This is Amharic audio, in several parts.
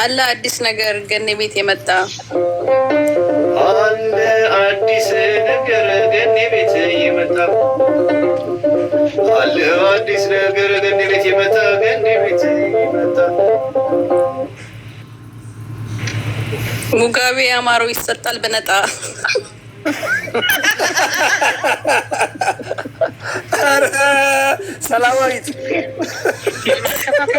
አለ አዲስ ነገር ገኔ ቤት የመጣ አለ አዲስ ነገር ገኔ ቤት የመጣ አለ አዲስ ነገር ገኔ ቤት የመጣ ገኔ ቤት የመጣ ሙጋቤ አማሮ ይሰጣል በነጣ ሰላማዊት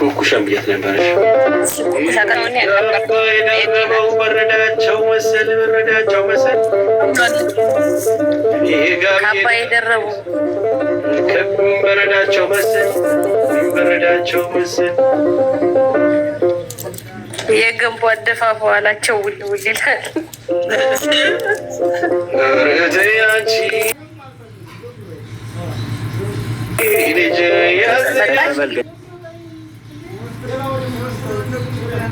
ኩኩሻን ብያት ነበረች። በረዳቸው መሰል በረዳቸው መሰል የደረቡ በረዳቸው መሰል በረዳቸው መሰል የገንቦ አደፋ በኋላቸው ውል ውል ይላል።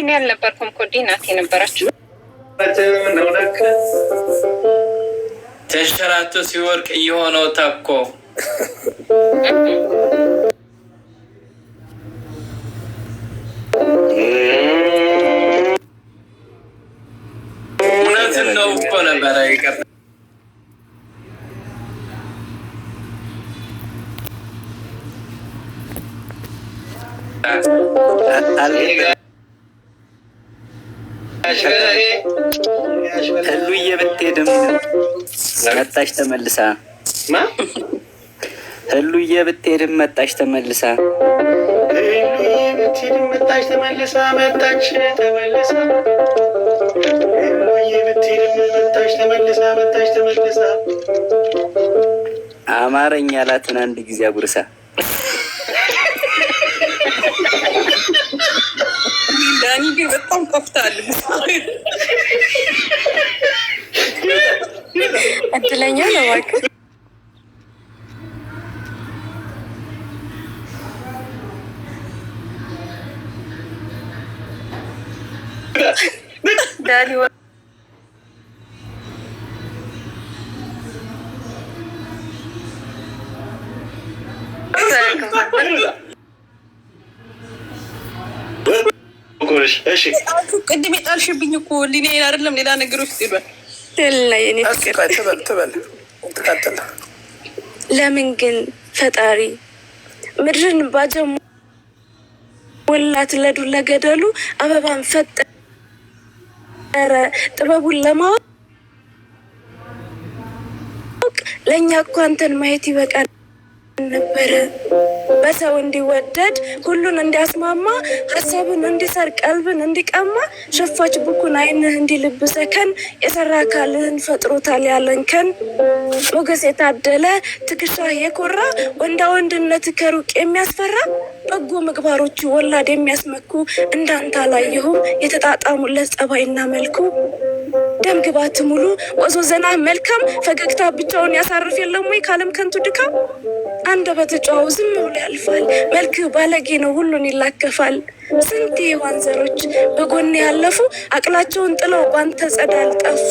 እኔ አልነበርኩም እኮ ዲ ናት የነበረችው። ተንሸራቶ ሲወርቅ እየሆነው ተኮ ነው እኮ ነበረ ይቀር ህሉዬ ብትሄድም መጣሽ ተመልሳ ህሉዬ ብትሄድም መጣሽ ተመልሳ መጣሽ ተመልሳ መጣች ተመልሳ አማረኛ ላትን አንድ ጊዜ አጉርሳ ቆፍታል እድለኛ ነው እባክህ። ነሽ? እሺ ቅድም የጣልሽብኝ እኮ አይደለም ሌላ ነገሮች ይሏል ለምን ግን ፈጣሪ ምድርን ባጀሙ ወላት ለገደሉ አበባን ፈጠረ ጥበቡን ለማወቅ ለእኛ እኮ አንተን ማየት ይበቃል። ነበረ በሰው እንዲወደድ ሁሉን እንዲያስማማ ሀሳብን እንዲሰር ቀልብን እንዲቀማ ሸፋች ቡኩን አይንህ እንዲልብሰከን የሰራ አካልህን ፈጥሮታል ያለንከን ሞገስ የታደለ ትከሻ የኮራ ወንዳ ወንድነት ከሩቅ የሚያስፈራ በጎ ምግባሮቹ ወላድ የሚያስመኩ እንዳንተ አላየሁም የተጣጣሙለት ጸባይና መልኩ ደም ግባት ሙሉ ወዞ ዘና መልካም ፈገግታ ብቻውን ያሳርፍ የለም ወይ ካለም ከንቱ ድካም አንደበት በተጫው ዝም ብሎ ያልፋል። መልክ ባለጌ ነው ሁሉን ይላከፋል። ስንቴ ዋንዘሮች በጎን ያለፉ አቅላቸውን ጥለው ባንተ ጸዳል ጠፉ።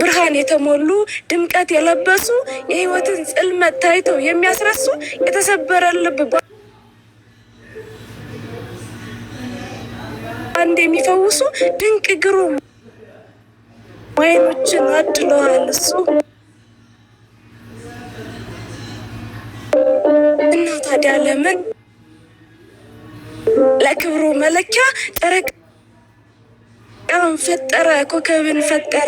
ብርሃን የተሞሉ ድምቀት የለበሱ የህይወትን ጽልመት ታይተው የሚያስረሱ የተሰበረ ልብ አንድ የሚፈውሱ ድንቅ ግሩም ወይኖችን አድለዋል። እሱ እና ታዲያ ለምን ለክብሩ መለኪያ ጨረቃን ፈጠረ፣ ኮከብን ፈጠረ።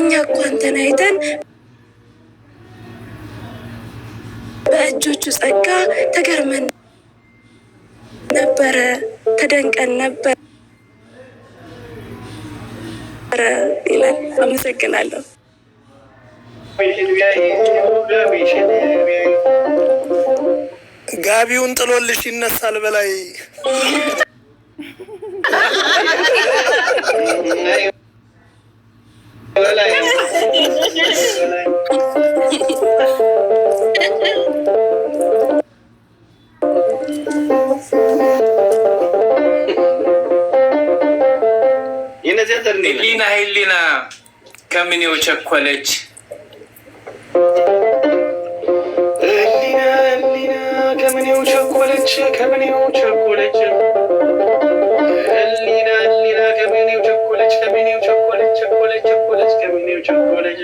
እኛ እኮ አንተን አይተን በእጆቹ ጸጋ ተገርመን ነበረ፣ ተደንቀን ነበር። ይላል። አመሰግናለሁ። ጋቢውን ጥሎልሽ ይነሳል በላይ ህሊና ህሊና ከምኔው ቸኮለች ህሊና ህሊና ከምን ቸኮለች ቸኮለች ቸኮለች ቸኮለች ቸኮለች ቸኮለች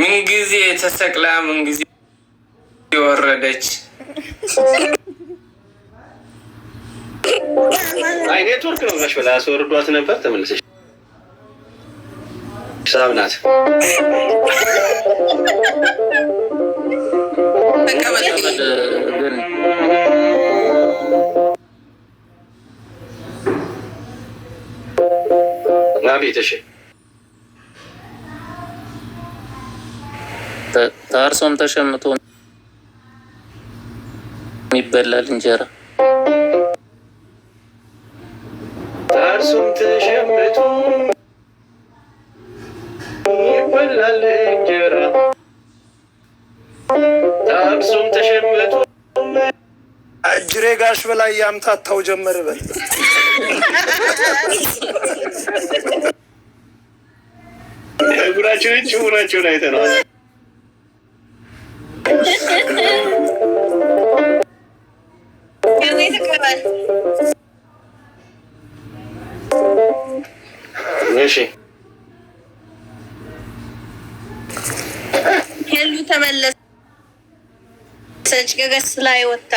ምንጊዜ ተሰቅላ ምንጊዜ የወረደች አይ ኔትወርክ ነው ብላሽ በላ አስወርዷት ነበር። ተመልሰሽ ሳብ ናት ታርሶም ተሸምቶ የሚበላል እንጀራ ይበላል ጣብሱም ተሸመቱ እጅሬ ጋሽ በላይ ያምታታው ጀመር በል እጉራቸው አይተነዋል። እሺ ከሰጭ ገገስ ላይ ወጣ